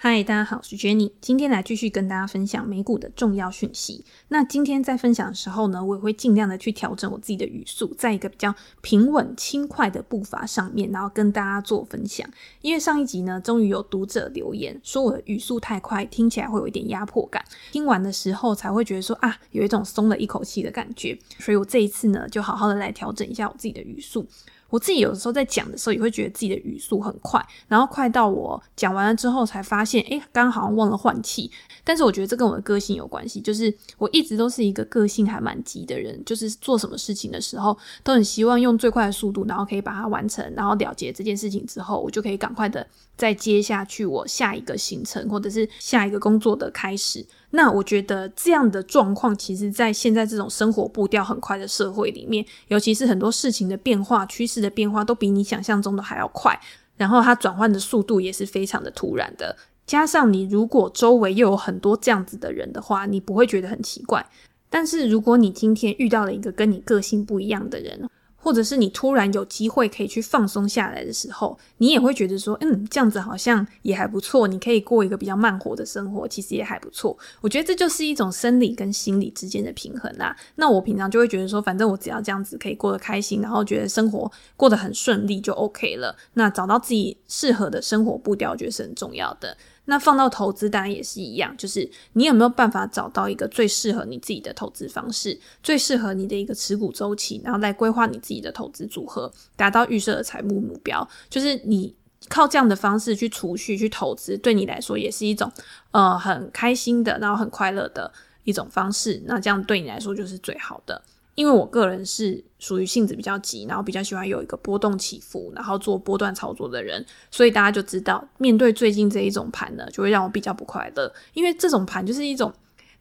嗨，大家好，我是 Jenny。今天來繼續跟大家分享美股的重要訊息。那今天在分享的時候呢，我也會盡量的去調整我自己的語速，在一個比較平穩、輕快的步伐上面，然後跟大家做分享。因為上一集呢，終於有讀者留言說我的語速太快，聽起來會有一點壓迫感。聽完的時候才會覺得說啊，有一種鬆了一口氣的感覺。所以我這一次呢，就好好的來調整一下我自己的語速。我自己有的時候在講的時候，也會覺得自己的語速很快，然後快到我講完了之後才發現，誒，剛剛好像忘了換氣。但是我覺得這跟我的個性有關係，就是我一直都是一個個性還蠻急的人，就是做什麼事情的時候，都很希望用最快的速度，然後可以把它完成，然後了結這件事情之後，我就可以趕快的。再接下去我下一個行程或者是下一個工作的開始，那我覺得這樣的狀況，其實在現在這種生活步調很快的社會裡面，尤其是很多事情的變化、趨勢的變化，都比你想象中的還要快。然後它轉換的速度也是非常的突然的。加上你如果周圍又有很多這樣子的人的話，你不會覺得很奇怪。但是如果你今天遇到了一個跟你個性不一樣的人，或者是你突然有機會可以去放鬆下來的時候，你也會覺得說，嗯，這樣子好像也還不錯，你可以過一個比較慢活的生活，其實也還不錯。我覺得這就是一種生理跟心理之間的平衡啊。那我平常就會覺得說，反正我只要這樣子可以過得開心，然後覺得生活過得很順利就 OK 了。那找到自己適合的生活步調，我覺得是很重要的。那放到投資，當然也是一樣，就是你有沒有辦法找到一個最適合你自己的投資方式，最適合你的一個持股周期，然後來規劃你自己的投資組合，達到預設的財務目標。就是你靠這樣的方式去儲蓄、去投資，對你來說也是一種，呃，很開心的，然後很快樂的一種方式。那這樣對你來說就是最好的。因為我個人是屬於性子比較急，然後比較喜歡有一個波動起伏，然後做波段操作的人，所以大家就知道，面對最近這一種盤呢，就會讓我比較不快樂，因為這種盤就是一種。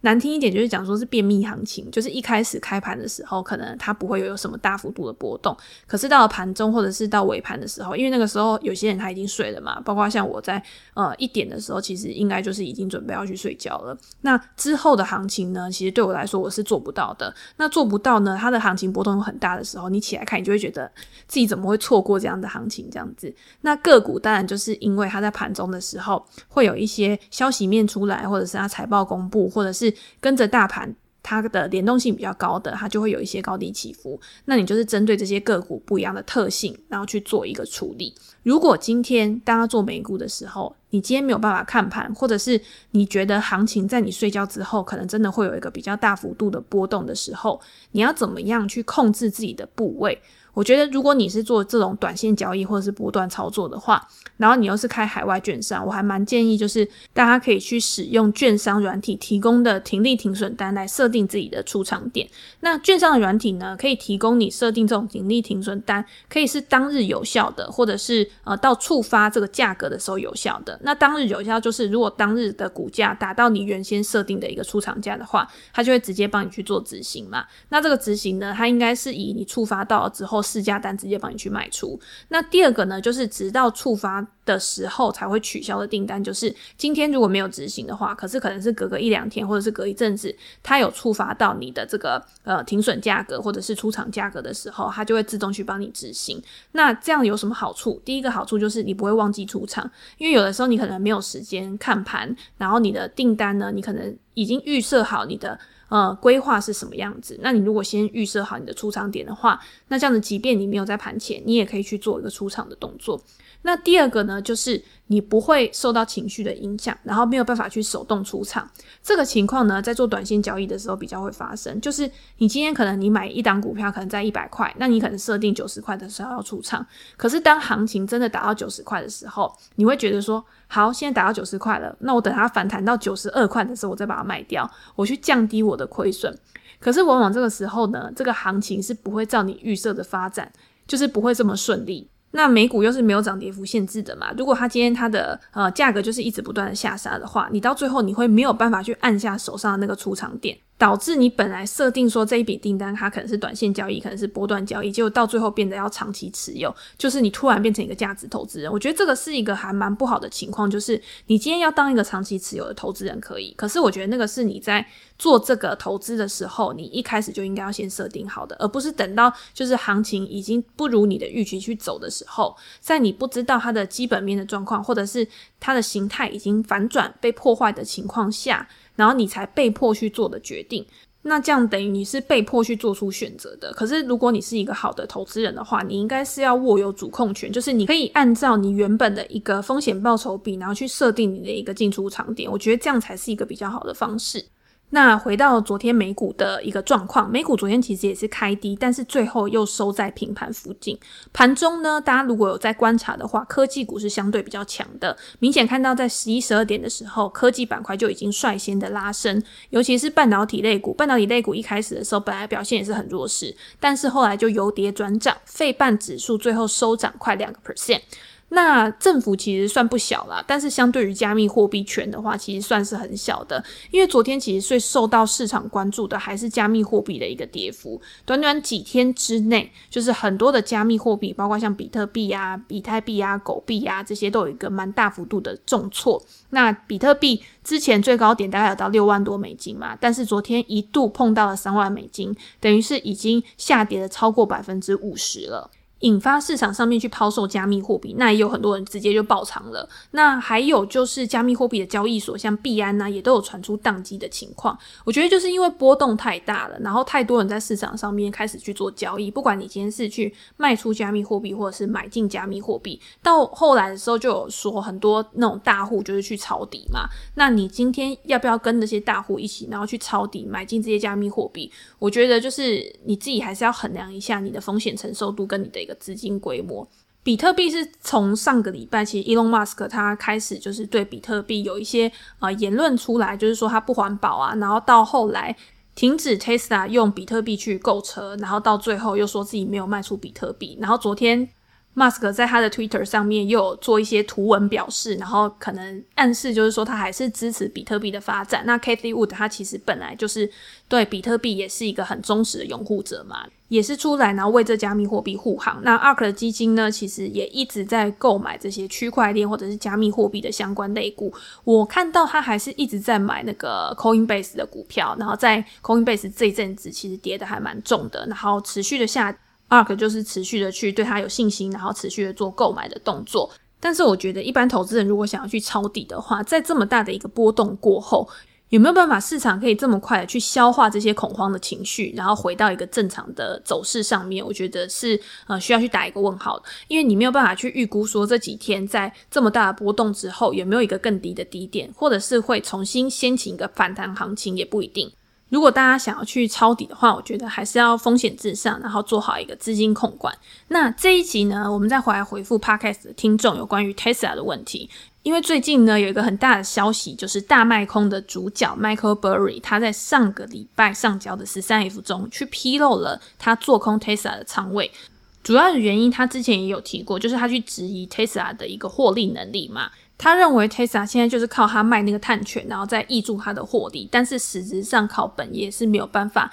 難聽一點就是講說是便秘行情，就是一開始開盤的時候，可能它不會有什麼大幅度的波動，可是到了盤中或者是到尾盤的時候，因為那個時候有些人他已經睡了嘛，包括像我在呃一點的時候，其實應該就是已經準備要去睡覺了。那之後的行情呢，其實對我來說，我是做不到的。那做不到呢，它的行情波動很大的時候，你起來看，你就會覺得自己怎麼會錯過這樣的行情這樣子。那個股當然就是因為它在盤中的時候會有一些消息面出來，或者是它財報公布，或者是跟着大盤，它的聯動性比較高的，它就會有一些高低起伏。那你就是針對這些個股不一樣的特性，然後去做一個處理。如果今天大家做美股的時候，你今天沒有辦法看盤，或者是你覺得行情在你睡覺之後，可能真的會有一個比較大幅度的波動的時候，你要怎麼樣去控制自己的部位？我覺得如果你是做這種短線交易或者是波段操作的話，然後你又是開海外券商，我還蠻建議就是大家可以去使用券商軟體提供的停利停損單來設定自己的出場點。那券商的軟體呢，可以提供你設定這種停利停損單，可以是當日有效的，或者是呃到觸發這個價格的時候有效的。那當日有效就是如果當日的股價達到你原先設定的一個出場價的話，它就會直接幫你去做執行嘛。那這個執行呢，它應該是以你觸發到了之後。市價單直接幫你去賣出。那第二個呢，就是直到觸發的時候才會取消的訂單，就是今天如果沒有執行的話，可是可能是隔個一兩天，或者是隔一陣子，它有觸發到你的這個呃停損價格或者是出場價格的時候，它就會自動去幫你執行。那這樣有什麼好處？第一個好處就是你不會忘記出場，因為有的時候你可能沒有時間看盤，然後你的訂單呢，你可能已經預設好你的。呃，規劃是什麼樣子？那你如果先預設好你的出場點的話，那這樣子，即便你沒有在盤前，你也可以去做一個出場的動作。那第二個呢，就是你不會受到情緒的影響，然後沒有辦法去手動出場。這個情況呢，在做短線交易的時候比較會發生。就是你今天可能你買一檔股票，可能在一百塊，那你可能設定九十塊的時候要出場。可是當行情真的達到九十塊的時候，你會覺得說，好，現在達到九十塊了，那我等它反彈到九十二塊的時候，我再把它賣掉，我去降低我的虧損。可是往往這個時候呢，這個行情是不會照你預設的發展，就是不會這麼順利。那美股又是沒有漲跌幅限制的嘛，如果它今天它的呃價格就是一直不斷的下殺的話，你到最後你會沒有辦法去按下手上的那個出場點。導致你本來設定說這一筆訂單，它可能是短線交易，可能是波段交易，結果到最後變得要長期持有，就是你突然變成一個價值投資人。我覺得這個是一個還蠻不好的情況，就是你今天要當一個長期持有的投資人可以，可是我覺得那個是你在做這個投資的時候，你一開始就應該要先設定好的，而不是等到就是行情已經不如你的預期去走的時候，在你不知道它的基本面的狀況，或者是它的形態已經反轉被破壞的情況下。然後你才被迫去做的決定，那這樣等於你是被迫去做出選擇的。可是如果你是一個好的投資人的話，你應該是要握有主控權，就是你可以按照你原本的一個風險報酬比，然後去設定你的一個進出場點。我覺得這樣才是一個比較好的方式。那回到昨天美股的一個狀況，美股昨天其實也是開低，但是最後又收在平盤附近。盤中呢，大家如果有在觀察的話，科技股是相對比較強的，明顯看到在十一、十二點的時候，科技板塊就已經率先的拉升，尤其是半導體類股。半導體類股一開始的時候本來表現也是很弱勢，但是後來就由跌轉漲，費半指數最後收漲快兩個 percent。那政府其實算不小啦，但是相對於加密貨幣圈的話，其實算是很小的。因為昨天其實最受到市場關注的還是加密貨幣的一個跌幅。短短幾天之內，就是很多的加密貨幣，包括像比特幣啊、以太幣啊、狗幣啊這些，都有一個蠻大幅度的重挫。那比特幣之前最高點大概有到六萬多美金嘛，但是昨天一度碰到了三萬美金，等於是已經下跌了超過百分之五十了。引發市場上面去拋售加密貨幣，那也有很多人直接就爆倉了。那還有就是加密貨幣的交易所，像幣安吶、啊，也都有傳出宕機的情況。我覺得就是因為波動太大了，然後太多人在市場上面開始去做交易。不管你今天是去賣出加密貨幣，或者是買進加密貨幣，到後來的時候就有說很多那種大戶就是去抄底嘛。那你今天要不要跟那些大戶一起，然後去抄底買進這些加密貨幣？我覺得就是你自己還是要衡量一下你的風險承受度跟你的。的資金規模，比特幣是從上個禮拜，其實 Elon Musk 他開始就是對比特幣有一些啊言論出來，就是說它不環保啊，然後到後來停止 Tesla 用比特幣去購車，然後到最後又說自己沒有賣出比特幣，然後昨天 Musk 在他的 Twitter 上面又有做一些圖文表示，然後可能暗示就是說他還是支持比特幣的發展。那 Kathy Wood 他其實本來就是對比特幣也是一個很忠實的擁護者嘛，也是出來然後為這加密貨幣護航。那 ARK 的基金呢，其實也一直在購買這些區塊鏈或者是加密貨幣的相關類股。我看到他還是一直在買那個 Coinbase 的股票，然後在 Coinbase 這一陣子其實跌得還蠻重的，然後持續的下。ARK 就是持續的去對他有信心，然後持續的做購買的動作。但是我覺得，一般投資人如果想要去抄底的話，在這麼大的一個波動過後，有沒有辦法市場可以這麼快的去消化這些恐慌的情緒，然後回到一個正常的走勢上面？我覺得是呃需要去打一個問號，因為你沒有辦法去預估說這幾天在這麼大的波動之後，有沒有一個更低的低點，或者是會重新掀起一個反彈行情也不一定。如果大家想要去抄底的話，我覺得還是要風險至上，然後做好一個資金控管。那這一集呢，我們再回來回復 Podcast 的聽眾有關於 Tesla 的問題。因為最近呢，有一個很大的消息，就是大賣空的主角 Michael Burry，他在上個禮拜上交的十三 F 中去披露了他做空 Tesla 的倉位。主要的原因，他之前也有提過，就是他去質疑 Tesla 的一個獲利能力嘛。他認為 Tesla 現在就是靠他賣那個碳權，然後再挹注他的獲利，但是實質上靠本業是沒有辦法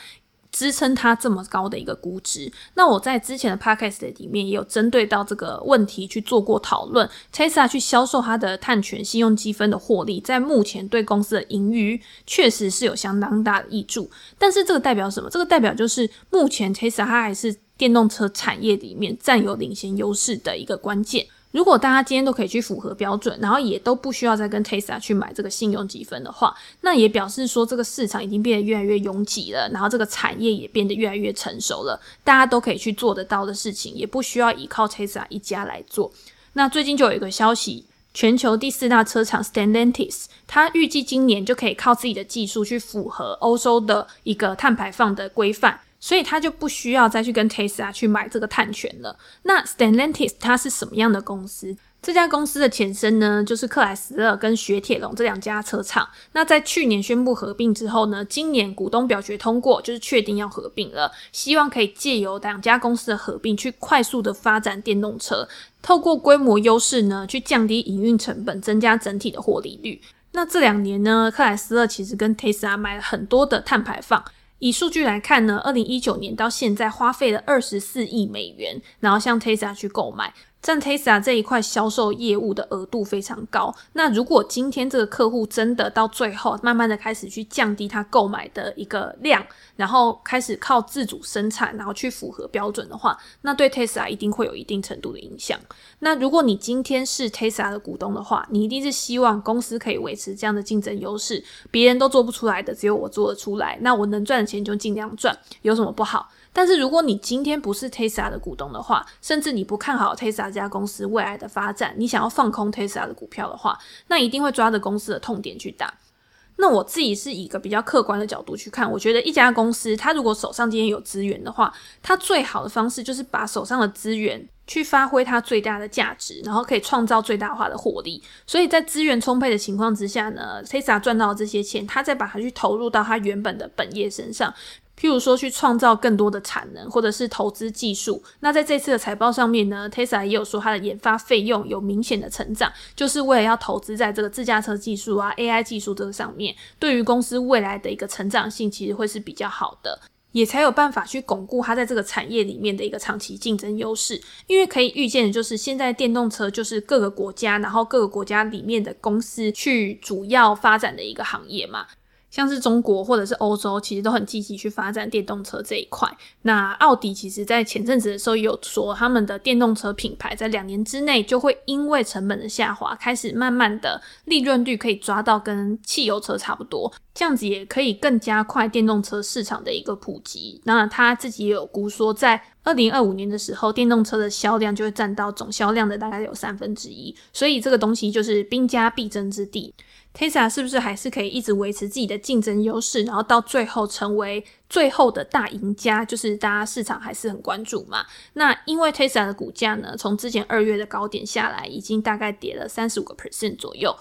支撐他這麼高的一個估值。那我在之前的 Podcast 裡面也有針對到這個問題去做過討論。Tesla 去銷售它的碳權、信用積分的獲利，在目前對公司的盈餘確實是有相當大的挹注，但是這個代表什麼？這個代表就是目前 Tesla 它還是電動車產業裡面占有領先優勢的一個關鍵。如果大家今天都可以去符合標準，然後也都不需要再跟 Tesla 去買這個信用積分的話，那也表示說這個市場已經變得越來越擁擠了，然後這個產業也變得越來越成熟了，大家都可以去做得到的事情，也不需要依靠 Tesla 一家來做。那最近就有一個消息，全球第四大車廠 s t a n l a n t i s 它預計今年就可以靠自己的技術去符合歐洲的一個碳排放的規範。所以他就不需要再去跟 Tesla 去買這個碳權了。那 Stellantis 它是什麼樣的公司？這家公司的前身呢，就是克萊斯勒跟雪鐵龍這兩家車廠。那在去年宣布合併之後呢，今年股東表決通過，就是確定要合併了。希望可以借由兩家公司的合併，去快速的發展電動車，透過規模優勢呢，去降低營運成本，增加整體的獲利率。那這兩年呢，克萊斯勒其實跟 Tesla 買了很多的碳排放。以數據來看呢，二零一九年到現在花費了二十四億美元，然後向 Tesla 去購買。佔 Tesla 這一塊銷售業務的額度非常高。那如果今天這個客戶真的到最後慢慢的開始去降低他購買的一個量，然後開始靠自主生產，然後去符合標準的話，那對 Tesla 一定會有一定程度的影響。那如果你今天是 Tesla 的股東的話，你一定是希望公司可以維持這樣的競爭優勢，別人都做不出來的，只有我做得出來。那我能賺的錢就盡量賺，有什麼不好？但是，如果你今天不是 Tesla 的股東的話，甚至你不看好 Tesla 這家公司未來的發展，你想要放空 Tesla 的股票的話，那一定會抓着公司的痛點去打。那我自己是以一個比較客觀的角度去看，我覺得一家公司，它如果手上今天有資源的話，它最好的方式就是把手上的資源去發揮它最大的價值，然後可以創造最大化的獲利。所以在資源充沛的情況之下呢，Tesla 賺到這些錢，他再把它去投入到他原本的本業身上。譬如說去創造更多的產能，或者是投資技術。那在這次的財報上面呢，Tesla 也有說它的研發費用有明顯的成長，就是為了要投資在這個自駕車技術啊、AI 技術這個上面。對於公司未來的一個成長性，其實會是比較好的，也才有辦法去鞏固它在這個產業裡面的一個長期競爭優勢。因為可以預見的就是，現在電動車就是各個國家，然後各個國家裡面的公司去主要發展的一個行業嘛。像是中國或者是歐洲，其實都很積極去發展電動車這一塊。那奧迪其實，在前陣子的時候有說，他們的電動車品牌在兩年之內就會因為成本的下滑，開始慢慢的利潤率可以抓到跟汽油車差不多，這樣子也可以更加快電動車市場的一個普及。那他自己也有估說，在二零二五年的時候，電動車的銷量就會佔到總銷量的大概有三分之一，所以這個東西就是兵家必爭之地。Tesla 是不是還是可以一直維持自己的競爭優勢，然後到最後成為最後的大贏家？就是大家市場還是很關注嘛。那因為 Tesla 的股價呢，從之前二月的高點下來，已經大概跌了三十五個 percent 左右。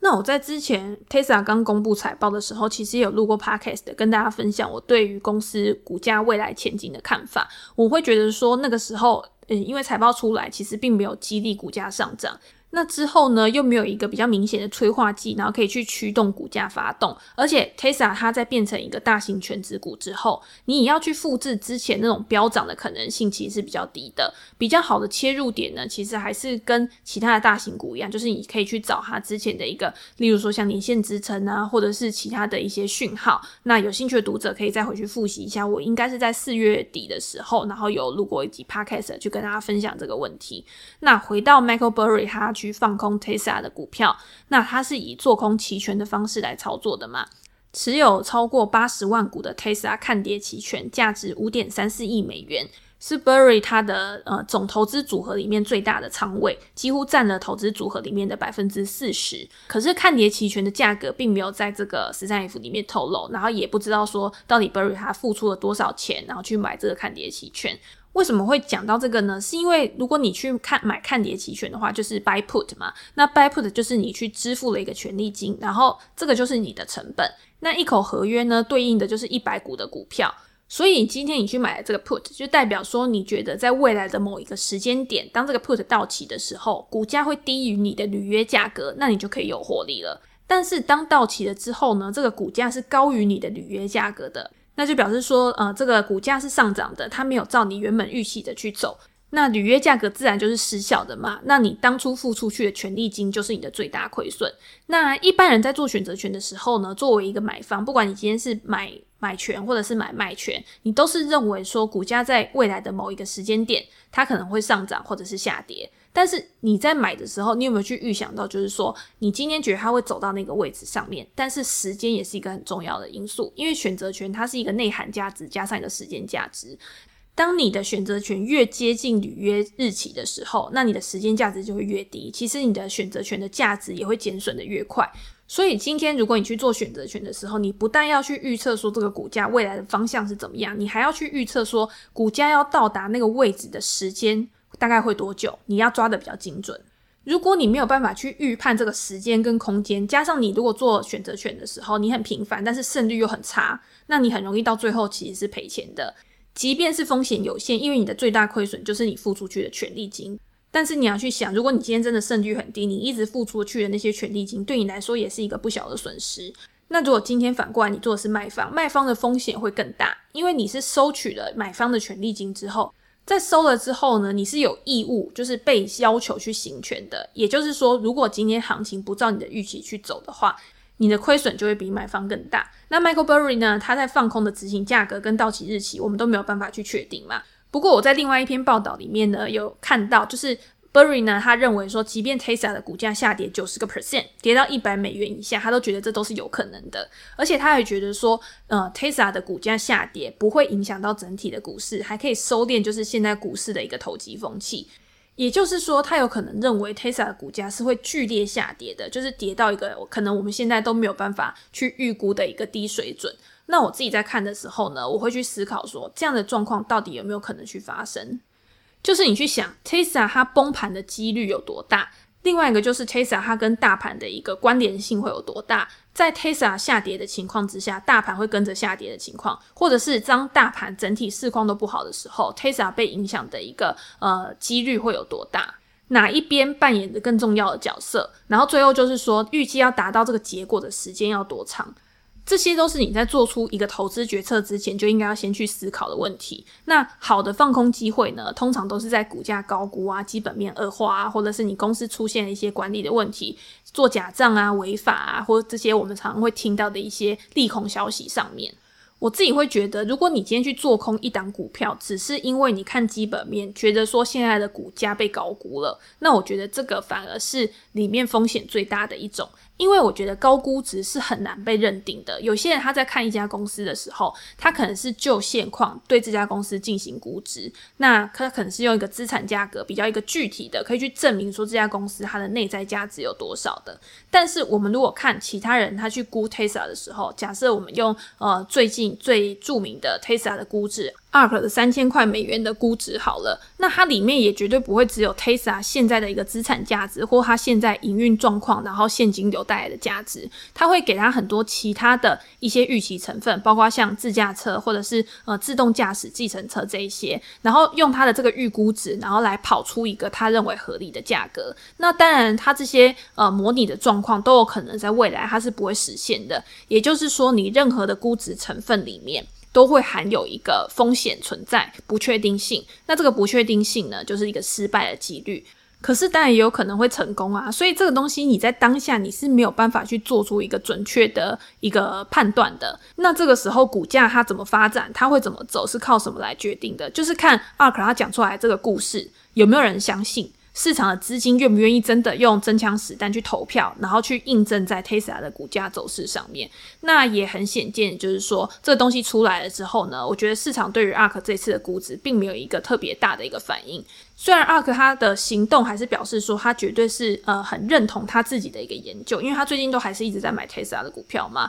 那我在之前 Tesla 剛公布財報的時候，其實也有錄過 Podcast，跟大家分享我對於公司股價未來前景的看法。我會覺得說，那個時候，嗯，因為財報出來，其實並沒有激勵股價上漲。那之後呢，又沒有一個比較明顯的催化劑，然後可以去驅動股價發動。而且 Tesla 它在變成一個大型權值股之後，你也要去複製之前那種飆漲的可能性，其實是比較低的。比較好的切入點呢，其實還是跟其他的大型股一樣，就是你可以去找它之前的一個，例如說像連線支撐啊，或者是其他的一些訊號。那有興趣的讀者可以再回去複習一下，我應該是在四月底的時候，然後有錄過一集 Podcast 去跟大家分享這個問題。那回到 Michael Burry 他。去放空 Tesla 的股票，那它是以做空期權的方式來操作的嘛，持有超過八十萬股的 Tesla 看跌期權，價值五點三四億美元，是 Burry 它的呃總投資組合裡面最大的倉位，幾乎占了投資組合裡面的百分之四十。可是看跌期權的價格並沒有在這個十三 F 裡面透露，然後也不知道說到底 Burry 他付出了多少錢，然後去買這個看跌期權。為什麼會講到這個呢？是因為如果你去看買看跌期權的話，就是 buy put 嘛，那 buy put 就是你去支付了一個權利金，然後這個就是你的成本。那一口合約呢，對應的就是一百股的股票。所以今天你去買了這個 put，就代表說你覺得在未來的某一個時間點，當這個 put 到期的時候，股價會低於你的履約價格，那你就可以有獲利了。但是當到期了之後呢，這個股價是高於你的履約價格的。那就表示說，呃，這個股價是上漲的，它沒有照你原本預期的去走。那履約價格自然就是失效的嘛，那你當初付出去的權利金就是你的最大虧損。那一般人在做選擇權的時候呢，作為一個買方，不管你今天是買買權或者是買賣權，你都是認為說股價在未來的某一個時間點，它可能會上漲或者是下跌。但是你在買的時候，你有沒有去預想到，就是說你今天覺得它會走到那個位置上面？但是時間也是一個很重要的因素，因為選擇權它是一個內涵價值加上一個時間價值。當你的選擇權越接近履約日期的時候，那你的時間價值就會越低。其實你的選擇權的價值也會減損得越快。所以今天如果你去做選擇權的時候，你不但要去預測說這個股價未來的方向是怎麼樣，你還要去預測說股價要到達那個位置的時間。大概會多久？你要抓得比較精準。如果你沒有辦法去預判這個時間跟空間，加上你如果做選擇權的時候，你很頻繁，但是勝率又很差，那你很容易到最後其實是賠錢的。即便是風險有限，因為你的最大虧損就是你付出去的權利金。但是你要去想，如果你今天真的勝率很低，你一直付出去的那些權利金，對你來說也是一個不小的損失。那如果今天反過來你做的是賣方，賣方的風險會更大，因為你是收取了買方的權利金之後。在收了之後呢，你是有義務，就是被要求去行權的。也就是說，如果今天行情不照你的預期去走的話，你的虧損就會比買方更大。那 Michael Burry 呢？他在放空的執行價格跟到期日期，我們都沒有辦法去確定嘛。不過我在另外一篇報道裡面呢，有看到就是。Burry 呢，他認為說，即便 Tesla 的股價下跌九十個 percent，跌到一百美元以下，他都覺得這都是有可能的。而且他還覺得說，呃，Tesla 的股價下跌不會影響到整體的股市，還可以收斂，就是現在股市的一個投機風氣。也就是說，他有可能認為 Tesla 的股價是會劇烈下跌的，就是跌到一個可能我們現在都沒有辦法去預估的一個低水準。那我自己在看的時候呢，我會去思考說，這樣的狀況到底有沒有可能去發生？就是你去想 t e s a 它崩盤的幾率有多大？另外一個就是 t e s a 它跟大盤的一個關聯性會有多大？在 t e s a 下跌的情況之下，大盤會跟着下跌的情況，或者是當大盤整體市況都不好的時候，t e s a 被影響的一個呃幾率會有多大？哪一邊扮演着更重要的角色？然後最後就是說，預計要達到這個結果的時間要多長？這些都是你在做出一個投資決策之前就應該要先去思考的問題。那好的放空機會呢，通常都是在股價高估啊、基本面惡化啊，或者是你公司出現了一些管理的問題、做假賬啊、違法啊，或這些我們常常會聽到的一些利空消息上面。我自己會覺得，如果你今天去做空一檔股票，只是因為你看基本面覺得說，現在的股價被高估了，那我覺得這個反而是裡面風險最大的一種。因為我覺得高估值，是很難被認定的。有些人他在看一家公司的時候，他可能是就現況對這家公司進行估值，那他可能是用一個資產價格比較一個具體的，可以去證明說這家公司它的內在價值有多少的。但是我們如果看其他人他去估 Tesla 的時候，假設我們用呃最近最著名的 Tesla 的估值。Mark 的三千塊美元的估值，好了，那它裡面也絕對不會只有 Tesla 現在的一個資產價值或它現在營運狀況，然後現金流帶來的價值，它會給他很多其他的一些預期成分，包括像自駕車或者是呃自動駕駛計程車這一些，然後用它的這個預估值，然後來跑出一個他認為合理的價格。那當然，它這些呃模擬的狀況都有可能在未來它是不會實現的，也就是說，你任何的估值成分裡面。都會含有一個風險存在，不確定性，那這個不確定性呢，就是一個失敗的幾率。可是當然也有可能會成功啊，所以這個東西你在當下你是沒有辦法去做出一個準確的一個判斷的。那這個時候股價它怎麼發展，它會怎麼走，是靠什麼來決定的？就是看 ARK 他講出來這個故事，有沒有人相信？市場的資金願不願意真的用真槍實彈去投票，然後去印證在 Tesla 的股價走勢上面，那也很顯見，就是說這個東西出來了之後呢，我覺得市場對於 ARK 這次的估值並沒有一個特別大的一個反應。雖然 ARK 他的行動還是表示說他絕對是呃很認同他自己的一個研究，因為他最近都還是一直在買 Tesla 的股票嘛。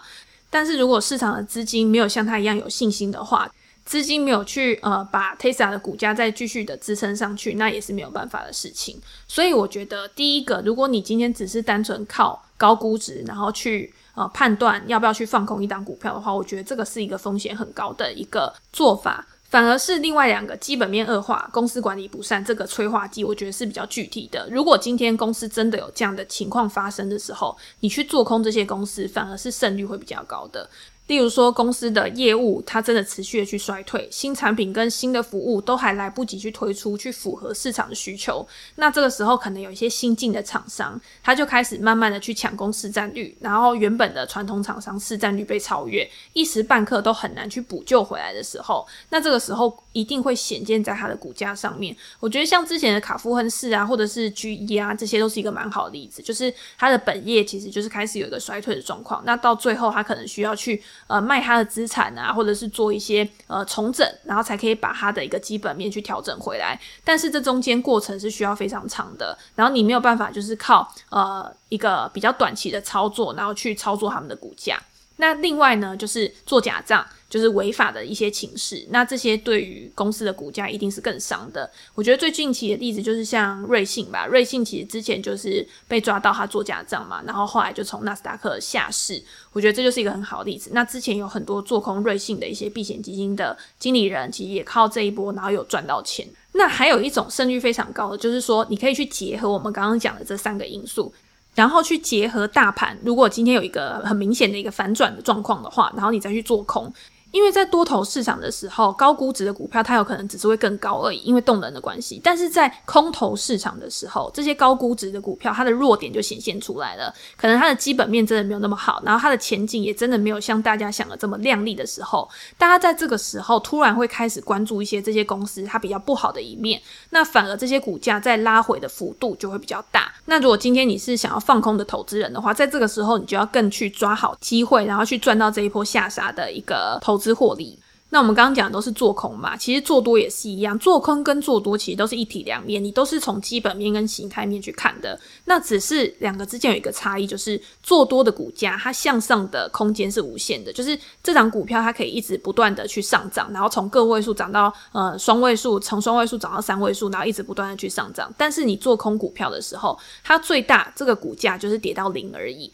但是如果市場的資金沒有像他一樣有信心的話，資金沒有去呃，把 Tesla 的股價再繼續的支撐上去，那也是沒有辦法的事情。所以我覺得，第一個，如果你今天只是單純靠高估值，然後去呃判斷要不要去放空一檔股票的話，我覺得這個是一個風險很高的一個做法。反而是另外兩個基本面惡化、公司管理不善這個催化劑，我覺得是比較具體的。如果今天公司真的有這樣的情況發生的時候，你去做空這些公司，反而是勝率會比較高的。例如說，公司的業務它真的持續的去衰退，新產品跟新的服務都還來不及去推出，去符合市場的需求，那這個時候可能有一些新進的廠商，他就開始慢慢的去搶攻市占率，然後原本的傳統廠商市占率被超越，一時半刻都很難去補救回來的時候，那這個時候。一定會顯現在它的股價上面。我覺得像之前的卡夫亨氏啊，或者是 GE 啊，這些都是一個蠻好的例子，就是它的本業其實就是開始有一個衰退的狀況，那到最後它可能需要去呃賣它的資產啊，或者是做一些呃重整，然後才可以把它的一個基本面去調整回來。但是這中間過程是需要非常長的，然後你沒有辦法就是靠呃一個比較短期的操作，然後去操作他們的股價。那另外呢，就是做假賬，就是違法的一些情勢。那這些對於公司的股價一定是更傷的。我覺得最近期的例子就是像瑞幸吧，瑞幸其實之前就是被抓到他做假賬嘛，然後後來就從納斯達克下市。我覺得這就是一個很好的例子。那之前有很多做空瑞幸的一些避險基金的經理人，其實也靠這一波，然後有賺到錢。那還有一種勝率非常高的，就是說你可以去結合我們剛剛講的這三個因素。然後去結合大盤，如果今天有一個很明顯的一個反轉的狀況的話，然後你再去做空。因為在多頭市場的時候，高估值的股票它有可能只是會更高而已，因為動能的關係。但是在空頭市場的時候，這些高估值的股票它的弱點就顯現出來了，可能它的基本面真的沒有那麼好，然後它的前景也真的沒有像大家想的這麼亮麗的時候，大家在這個時候突然會開始關注一些這些公司它比較不好的一面，那反而這些股價在拉回的幅度就會比較大。那如果今天你是想要放空的投資人的話，在這個時候你就要更去抓好機會，然後去賺到這一波下殺的一個投資獲利，那我們剛剛講的都是做空嘛，其實做多也是一樣。做空跟做多其實都是一體兩面，你都是從基本面跟形態面去看的。那只是兩個之間有一個差異，就是做多的股價它向上的空間是無限的，就是這張股票它可以一直不斷的去上漲，然後從個位數漲到，呃，雙位數，從雙位數漲到三位數，然後一直不斷的去上漲。但是你做空股票的時候，它最大，這個股價就是跌到零而已。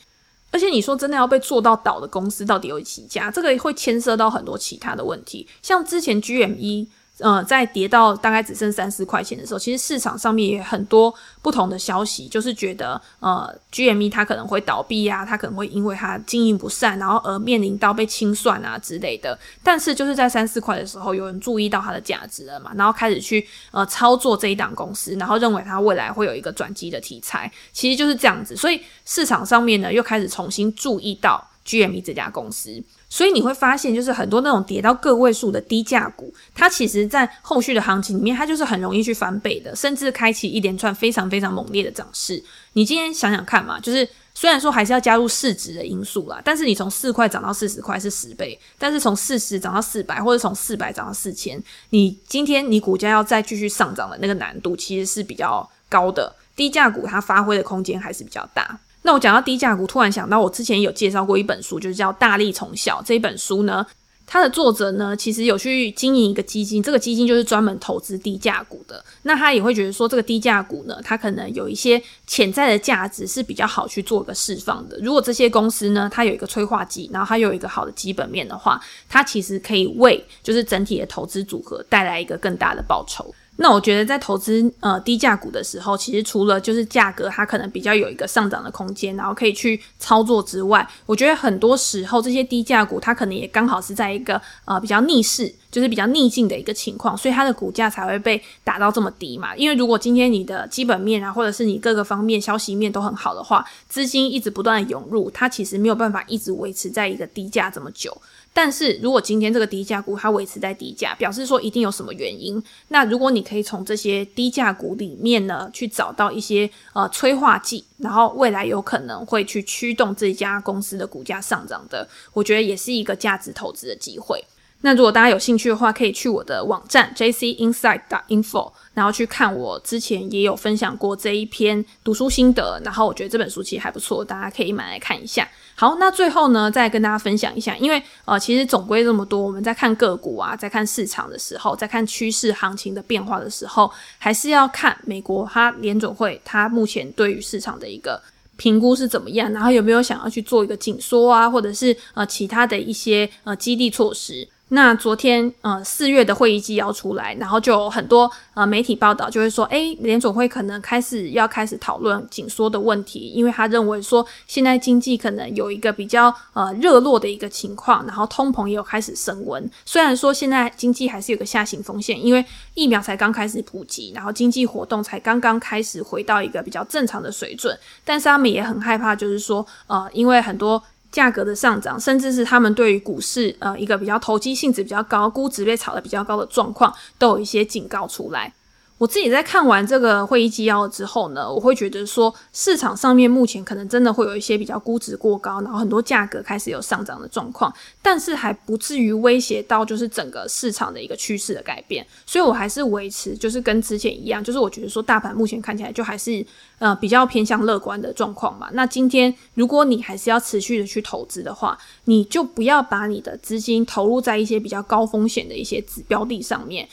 而且你說真的要被做到倒的公司到底有幾家？這個會牽涉到很多其他的問題，像之前 GME。呃，在跌到大概只剩三四塊錢的時候，其實市場上面也很多不同的消息，就是覺得呃，GME 它可能會倒閉啊，它可能會因為它經營不善，然後而面臨到被清算啊之類的。但是就是在三四塊的時候，有人注意到它的價值了嘛，然後開始去呃操作這一檔公司，然後認為它未來會有一個轉機的題材，其實就是這樣子。所以市場上面呢，又開始重新注意到 GME 這家公司。所以你會發現，就是很多那種跌到個位數的低價股，它其實，在後續的行情裡面，它就是很容易去翻倍的，甚至開啟一連串非常非常猛烈的漲勢。你今天想想看嘛，就是雖然說還是要加入市值的因素啦，但是你從四塊漲到四十塊是十倍，但是從四十漲到四百，或者從四百漲到四千，你今天你股價要再繼續上漲的那個難度其實是比較高的。低價股它發揮的空間還是比較大。那我講到低價股，突然想到我之前有介紹過一本書，就是叫《大力從小》這一本書呢。它的作者呢，其實有去經營一個基金，這個基金就是專門投資低價股的。那他也會覺得說，這個低價股呢，它可能有一些潛在的價值是比較好去做一個釋放的。如果這些公司呢，它有一個催化劑，然後它有一個好的基本面的話，它其實可以為就是整體的投資組合帶來一個更大的報酬。那我覺得在投資呃低價股的時候，其實除了就是價格它可能比較有一個上漲的空間，然後可以去操作之外，我覺得很多時候這些低價股它可能也剛好是在一個呃比較逆勢，就是比較逆境的一個情況，所以它的股價才會被打到這麼低嘛。因為如果今天你的基本面啊，或者是你各個方面消息面都很好的話，資金一直不斷的湧入，它其實沒有辦法一直維持在一個低價這麼久。但是，如果今天這個低價股它維持在低價，表示說一定有什麼原因。那如果你可以從這些低價股裡面呢，去找到一些呃催化劑，然後未來有可能會去驅動這家公司的股價上漲的，我覺得也是一個價值投資的機會。那如果大家有興趣的話，可以去我的網站 jcinside.info，然後去看我之前也有分享過這一篇讀書心得。然後我覺得這本書其實還不錯，大家可以買來看一下。好，那最後呢，再跟大家分享一下，因為呃，其實總歸這麼多，我們在看個股啊，在看市場的時候，在看趨勢行情的變化的時候，還是要看美國它聯準會它目前對於市場的一個評估是怎麼樣，然後有沒有想要去做一個緊縮啊，或者是呃其他的一些呃激勵措施。那昨天，呃，四月的會議紀要出來，然後就有很多呃媒體報道就會說，誒、欸，聯準會可能開始要開始討論緊縮的問題，因為他認為說現在經濟可能有一個比較呃熱絡的一個情況，然後通膨也有開始升溫。雖然說現在經濟還是有個下行風險，因為疫苗才剛開始普及，然後經濟活動才剛剛開始回到一個比較正常的水準，但是他們也很害怕，就是說，呃，因為很多。價格的上漲，甚至是他們對於股市，呃，一個比較投機性質比較高、估值被炒得比較高的狀況，都有一些警告出來。我自己在看完這個會議紀要了之後呢，我會覺得說，市場上面目前可能真的會有一些比較估值過高，然後很多價格開始有上漲的狀況，但是還不至於威脅到就是整個市場的一個趨勢的改變。所以我還是維持就是跟之前一樣，就是我覺得說，大盤目前看起來就還是呃比較偏向樂觀的狀況嘛。那今天如果你還是要持續的去投資的話，你就不要把你的資金投入在一些比較高風險的一些指標的上面。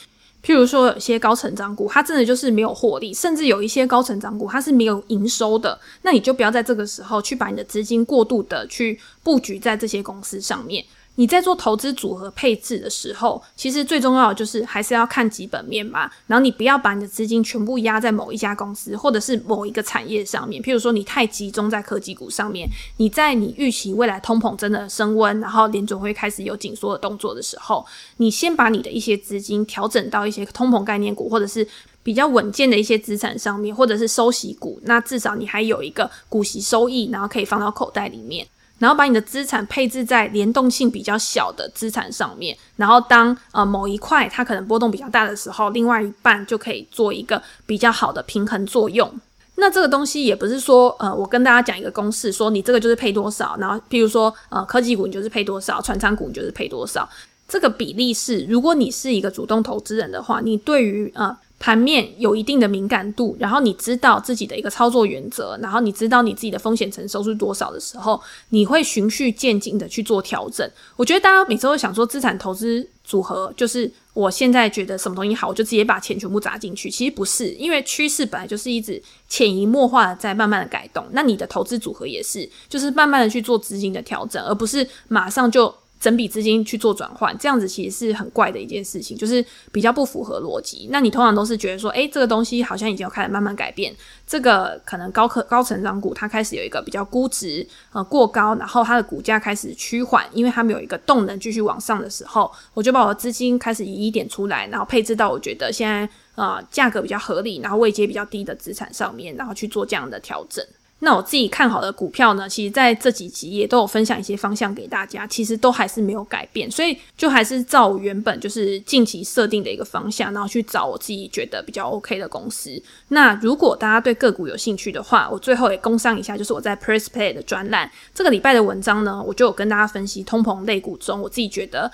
譬如說，有些高成長股，它真的就是沒有獲利，甚至有一些高成長股，它是沒有營收的。那你就不要在這個時候去把你的資金過度的去佈局在這些公司上面。你在做投資組合配置的時候，其實最重要的就是還是要看基本面嘛。然後你不要把你的資金全部壓在某一家公司或者是某一個產業上面。譬如說你太集中在科技股上面，你在你預期未來通膨真的升溫，然後聯準會開始有緊縮的動作的時候，你先把你的一些資金調整到一些通膨概念股，或者是比較穩健的一些資產上面，或者是收息股。那至少你還有一個股息收益，然後可以放到口袋裡面。然後把你的資產配置在聯動性比較小的資產上面，然後當呃某一塊它可能波動比較大的時候，另外一半就可以做一個比較好的平衡作用。那這個東西也不是說呃我跟大家講一個公式，說你這個就是配多少，然後譬如說呃科技股你就是配多少，成長股你就是配多少，這個比例是如果你是一個主動投資人的話，你對於呃。盤面有一定的敏感度，然後你知道自己的一個操作原則，然後你知道你自己的風險承受是多少的時候，你會循序漸進的去做調整。我覺得大家每次會想說資產投資組合就是我現在覺得什麼東西好，我就直接把錢全部砸進去，其實不是，因為趨勢本來就是一直潛移默化的在慢慢的改動，那你的投資組合也是，就是慢慢的去做資金的調整，而不是馬上就。整筆資金去做轉換，這樣子其實是很怪的一件事情，就是比較不符合邏輯。那你通常都是覺得說，誒、欸，這個東西好像已經有開始慢慢改變，這個可能高科高成長股它開始有一個比較估值呃過高，然後它的股價開始趨緩，因為它沒有一個動能繼續往上的時候，我就把我的資金開始移一點出來，然後配置到我覺得現在呃價格比較合理，然後位階比較低的資產上面，然後去做這樣的調整。那我自己看好的股票呢，其實在這幾集也都有分享一些方向給大家，其實都還是沒有改變，所以就還是照我原本就是近期設定的一個方向，然後去找我自己覺得比較 OK 的公司。那如果大家對個股有興趣的話，我最後也工商一下，就是我在 Press Play 的專欄，這個禮拜的文章呢，我就有跟大家分析通膨類股中我自己覺得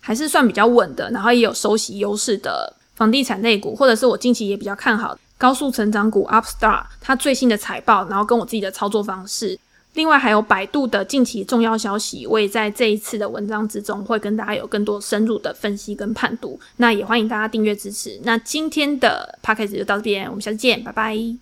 還是算比較穩的，然後也有收息優勢的房地產類股，或者是我近期也比較看好高速成長股 Upstart，它最新的財報，然後跟我自己的操作方式，另外還有百度的近期重要消息，我也在這一次的文章之中會跟大家有更多深入的分析跟判讀。那也歡迎大家訂閱支持。那今天的 Podcast 就到這邊，我們下次見，拜拜。